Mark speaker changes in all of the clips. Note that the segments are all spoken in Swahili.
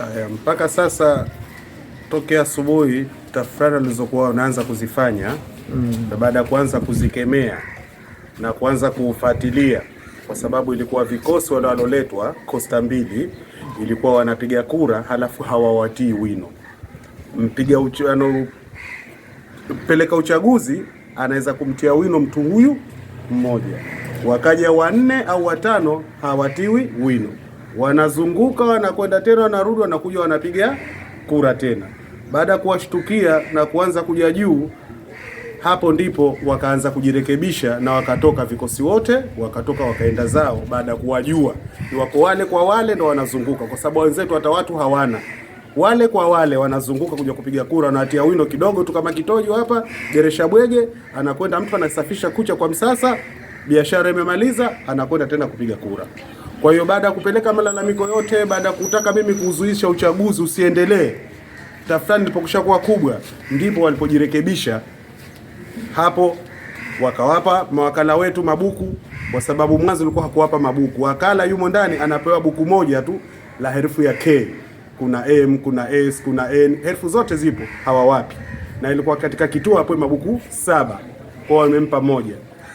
Speaker 1: Aya, mpaka sasa tokea asubuhi tafrani alizokuwa anaanza kuzifanya mm. baada ya kuanza kuzikemea na kuanza kufuatilia, kwa sababu ilikuwa vikosi walioletwa Kosta mbili ilikuwa wanapiga kura halafu hawawatii wino mpiga uchu, peleka uchaguzi anaweza kumtia wino mtu huyu mmoja, wakaja wanne au watano hawatiwi wino wanazunguka, wanakwenda tena, wanarudi, wanakuja, wanapiga kura tena. Baada ya kuwashtukia na kuanza kuja juu, hapo ndipo wakaanza kujirekebisha na wakatoka vikosi wote, wakatoka wakaenda zao, baada ya kuwajua ni wako wale kwa wale ndo wanazunguka, kwa sababu wenzetu hata watu hawana wale kwa wale wanazunguka kuja kupiga kura, wanatia wino kidogo tu kama kitojo hapa, geresha bwege, anakwenda mtu anasafisha kucha kwa msasa, biashara imemaliza, anakwenda tena kupiga kura. Kwa hiyo baada ya kupeleka malalamiko yote, baada ya kutaka mimi kuzuisha uchaguzi usiendelee, tafrani ilipokushakuwa kubwa, ndipo walipojirekebisha hapo wakawapa mawakala wetu mabuku, kwa sababu mwanzo ulikuwa hakuwapa mabuku. Wakala yumo ndani anapewa buku moja tu la herufi ya K, kuna M, kuna S, kuna N, herufi zote zipo, hawawapi. Na ilikuwa katika kituo hapo mabuku saba, kwa wamempa moja.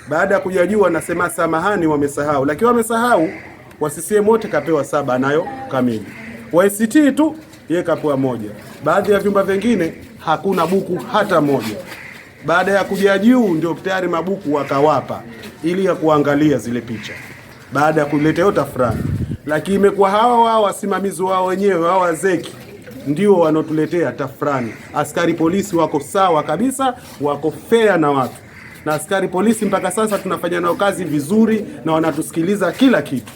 Speaker 1: Baada ya kujajua, nasema samahani, wamesahau. Lakini wamesahau wa CCM wote kapewa saba nayo kamili, wa ACT tu yeye kapewa moja. Baadhi ya vyumba vingine hakuna buku hata moja. Baada ya kuja juu ndio tayari mabuku wakawapa ili ya kuangalia zile picha, baada ya kuleta yote fulani. Lakini imekuwa hawa wao wasimamizi wao wenyewe hawa zeki ndio wanotuletea tafrani. Askari polisi wako sawa kabisa, wako fair na watu, na askari polisi mpaka sasa tunafanya nao kazi vizuri, na wanatusikiliza kila kitu.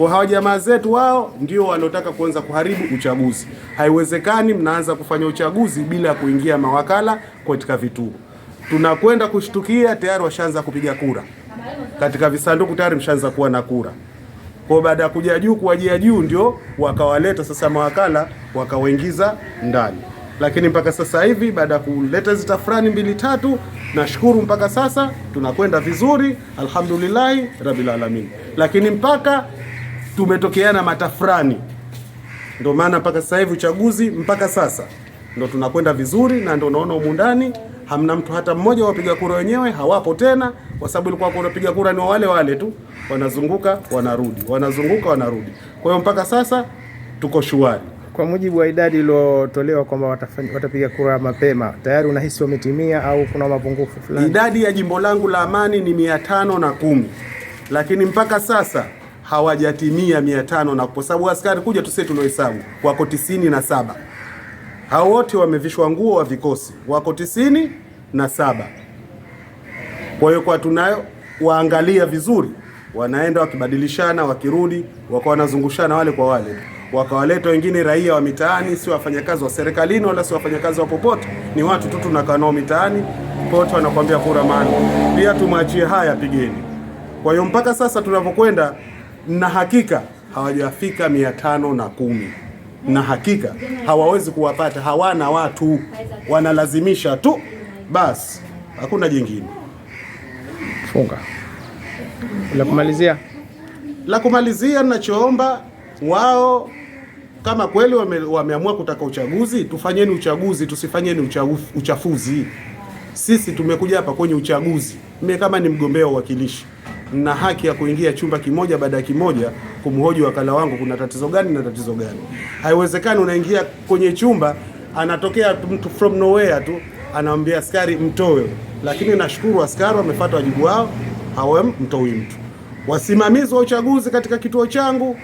Speaker 1: Kwa hawa jamaa zetu, wao ndio wanaotaka kuanza kuharibu uchaguzi. Haiwezekani mnaanza kufanya uchaguzi bila kuingia mawakala katika vituo. Tunakwenda kushtukia tayari washaanza kupiga kura katika visanduku, tayari mshaanza kuwa na kura kwa baada ya kuja juu kuwajia juu ndio wakawaleta sasa mawakala wakawaingiza ndani, lakini mpaka sasa hivi baada ya kuleta zita fulani mbili tatu, nashukuru mpaka sasa tunakwenda vizuri, alhamdulillahi rabbil alamin, lakini mpaka tumetokeana matafurani. Ndio maana mpaka sasa hivi uchaguzi mpaka sasa ndo tunakwenda vizuri, na ndio unaona humu ndani hamna mtu hata mmoja. Wapiga kura wenyewe hawapo tena, kwa sababu ilikuwa kunapiga kura ni wale wale tu, wanazunguka wanarudi, wanazunguka wanarudi. Kwa hiyo mpaka sasa tuko shuari.
Speaker 2: Kwa mujibu wa idadi iliyotolewa kwamba watapiga kura mapema, tayari unahisi wametimia au kuna mapungufu
Speaker 1: fulani? Idadi ya jimbo langu la Amani ni mia tano na kumi, lakini mpaka sasa hawajatimia mia tano na kwa sababu askari kuja tusie tuliohesabu wako tisini na saba hao wote wamevishwa nguo wa vikosi wako tisini na saba kwa hiyo kwa tunayo waangalia vizuri, wanaenda wakibadilishana, wakirudi wako wanazungushana wale kwa wale, wakawaleta wengine raia wa mitaani, si wafanyakazi wa serikalini wala si wafanyakazi wa popote, ni watu tu tunakaa nao mitaani pote, wanakuambia kura maana, pia tumwachie haya, pigeni. Kwa hiyo mpaka sasa tunavyokwenda na hakika hawajafika mia tano na kumi na hakika hawawezi kuwapata, hawana watu, wanalazimisha tu basi, hakuna jingine.
Speaker 2: Funga la kumalizia,
Speaker 1: la kumalizia, ninachoomba wao kama kweli wame, wameamua kutaka uchaguzi, tufanyeni uchaguzi, tusifanyeni uchafuzi. Sisi tumekuja hapa kwenye uchaguzi, mimi kama ni mgombea wa uwakilishi na haki ya kuingia chumba kimoja baada ya kimoja kumhoji wakala wangu kuna tatizo gani na tatizo gani. Haiwezekani unaingia kwenye chumba anatokea mtu from nowhere tu anamwambia askari mtowe, lakini nashukuru askari wamefuata wajibu wao, mtoi mtu. Wasimamizi wa uchaguzi katika kituo changu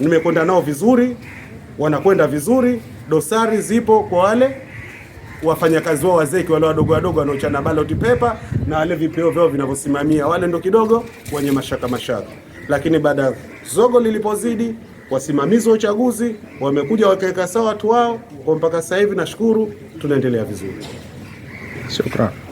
Speaker 1: nimekwenda nao vizuri, wanakwenda vizuri, dosari zipo kwa wale wafanyakazi wao wazeki wale wadogo wadogo wanaochana ballot paper na wale vipeo vyao vinavyosimamia, wale ndo kidogo wenye mashaka mashaka. Lakini baada ya zogo lilipozidi, wasimamizi wa uchaguzi wamekuja wakaweka sawa watu wao, kwa mpaka sasa hivi nashukuru tunaendelea vizuri.
Speaker 2: Shukrani.